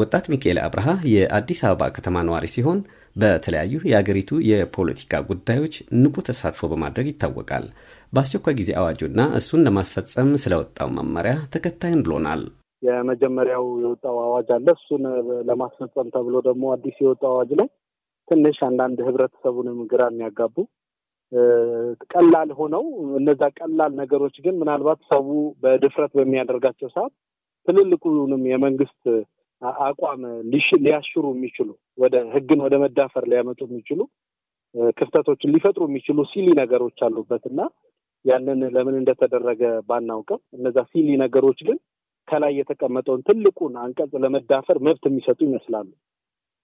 ወጣት ሚካኤል አብርሃ የአዲስ አበባ ከተማ ነዋሪ ሲሆን በተለያዩ የአገሪቱ የፖለቲካ ጉዳዮች ንቁ ተሳትፎ በማድረግ ይታወቃል። በአስቸኳይ ጊዜ አዋጁና እሱን ለማስፈጸም ስለወጣው መመሪያ ተከታይን ብሎናል። የመጀመሪያው የወጣው አዋጅ አለ። እሱን ለማስፈጸም ተብሎ ደግሞ አዲስ የወጣው አዋጅ ላይ ትንሽ አንዳንድ ህብረተሰቡንም ግራ የሚያጋቡ ቀላል ሆነው እነዛ ቀላል ነገሮች ግን ምናልባት ሰው በድፍረት በሚያደርጋቸው ሰዓት ትልልቁንም የመንግስት አቋም ሊያሽሩ የሚችሉ ወደ ህግን ወደ መዳፈር ሊያመጡ የሚችሉ ክፍተቶችን ሊፈጥሩ የሚችሉ ሲሊ ነገሮች አሉበት እና ያንን ለምን እንደተደረገ ባናውቅም እነዛ ሲሊ ነገሮች ግን ከላይ የተቀመጠውን ትልቁን አንቀጽ ለመዳፈር መብት የሚሰጡ ይመስላሉ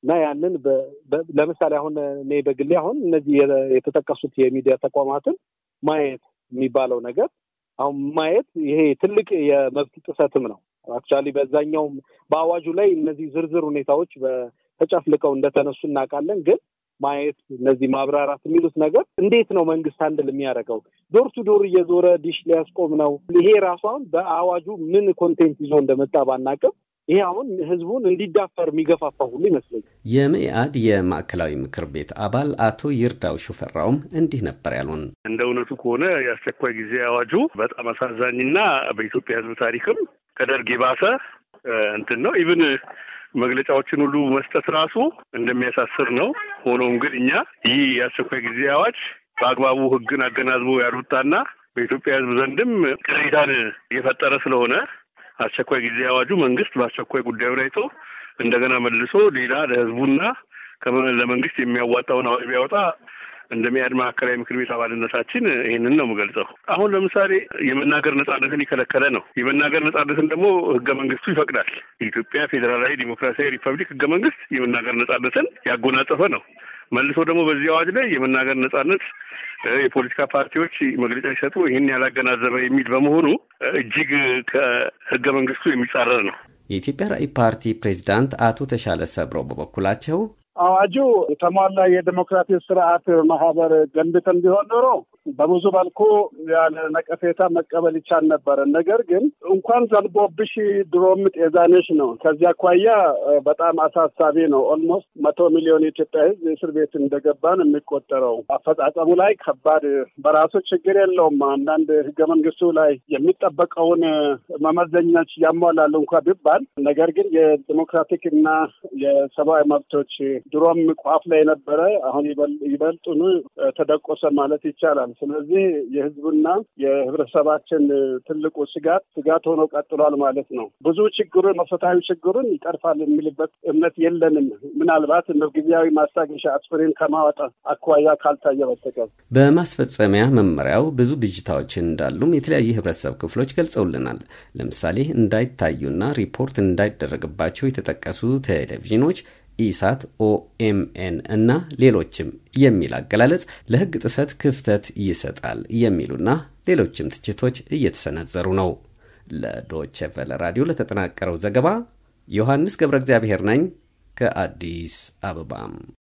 እና ያንን ለምሳሌ አሁን እኔ በግሌ አሁን እነዚህ የተጠቀሱት የሚዲያ ተቋማትን ማየት የሚባለው ነገር አሁን ማየት ይሄ ትልቅ የመብት ጥሰትም ነው አክቹዋሊ በዛኛውም በአዋጁ ላይ እነዚህ ዝርዝር ሁኔታዎች ተጨፍልቀው እንደተነሱ እናውቃለን። ግን ማየት እነዚህ ማብራራት የሚሉት ነገር እንዴት ነው መንግስት አንድል የሚያደርገው? ዶር ቱ ዶር እየዞረ ዲሽ ሊያስቆም ነው። ይሄ ራሷን በአዋጁ ምን ኮንቴንት ይዞ እንደመጣ ባናቅም ይሄ አሁን ህዝቡን እንዲዳፈር የሚገፋፋ ሁሉ ይመስለኛል። የመኢአድ የማዕከላዊ ምክር ቤት አባል አቶ ይርዳው ሹፈራውም እንዲህ ነበር ያሉን። እንደ እውነቱ ከሆነ የአስቸኳይ ጊዜ አዋጁ በጣም አሳዛኝና በኢትዮጵያ ህዝብ ታሪክም ከደርግ የባሰ እንትን ነው። ኢቭን መግለጫዎችን ሁሉ መስጠት ራሱ እንደሚያሳስር ነው። ሆኖም ግን እኛ ይህ የአስቸኳይ ጊዜ አዋጅ በአግባቡ ህግን አገናዝቦ ያልወጣና በኢትዮጵያ ህዝብ ዘንድም ቅሬታን የፈጠረ ስለሆነ አስቸኳይ ጊዜ አዋጁ መንግስት በአስቸኳይ ጉዳዩ ላይ እንደገና መልሶ ሌላ ለህዝቡና ለመንግስት የሚያዋጣውን አዋጅ ቢያወጣ እንደሚያድ ማዕከላዊ ምክር ቤት አባልነታችን ይህንን ነው የምገልጸው። አሁን ለምሳሌ የመናገር ነጻነትን የከለከለ ነው። የመናገር ነጻነትን ደግሞ ህገ መንግስቱ ይፈቅዳል። የኢትዮጵያ ፌዴራላዊ ዲሞክራሲያዊ ሪፐብሊክ ህገ መንግስት የመናገር ነጻነትን ያጎናጸፈ ነው። መልሶ ደግሞ በዚህ አዋጅ ላይ የመናገር ነጻነት የፖለቲካ ፓርቲዎች መግለጫ ሲሰጡ ይህን ያላገናዘበ የሚል በመሆኑ እጅግ ከህገ መንግስቱ የሚጻረር ነው። የኢትዮጵያ ራዕይ ፓርቲ ፕሬዚዳንት አቶ ተሻለ ሰብረው በበኩላቸው አዋጁ የተሟላ የዲሞክራሲ ስርዓት ማህበር ገንብተን ቢሆን ኖሮ በብዙ መልኩ ያለ ነቀፌታ መቀበል ይቻል ነበረ። ነገር ግን እንኳን ዘንቦብሽ ድሮም ጤዛነሽ ነው። ከዚህ አኳያ በጣም አሳሳቢ ነው። ኦልሞስት መቶ ሚሊዮን የኢትዮጵያ ሕዝብ እስር ቤት እንደገባን የሚቆጠረው አፈጻጸሙ ላይ ከባድ በራሱ ችግር የለውም። አንዳንድ ህገ መንግስቱ ላይ የሚጠበቀውን መመዘኛች ያሟላሉ እንኳ ቢባል ነገር ግን የዲሞክራቲክ እና የሰብአዊ መብቶች ድሮም ቋፍ ላይ ነበረ። አሁን ይበልጡን ተደቆሰ ማለት ይቻላል። ስለዚህ የህዝቡና የህብረተሰባችን ትልቁ ስጋት ስጋት ሆኖ ቀጥሏል ማለት ነው። ብዙ ችግሩን መሰረታዊ ችግሩን ይቀርፋል የሚልበት እምነት የለንም። ምናልባት እንደ ጊዜያዊ ማስታገሻ አስፕሪን ከማወጣ አኳያ ካልታየ በስተቀር በማስፈጸሚያ መመሪያው ብዙ ብዥታዎችን እንዳሉም የተለያዩ የህብረተሰብ ክፍሎች ገልጸውልናል። ለምሳሌ እንዳይታዩና ሪፖርት እንዳይደረግባቸው የተጠቀሱ ቴሌቪዥኖች ኢሳት፣ ኦኤምኤን እና ሌሎችም የሚል አገላለጽ ለሕግ ጥሰት ክፍተት ይሰጣል የሚሉና ሌሎችም ትችቶች እየተሰነዘሩ ነው። ለዶቼ ራዲዮ ለተጠናቀረው ዘገባ ዮሐንስ ገብረ እግዚአብሔር ነኝ ከአዲስ አበባም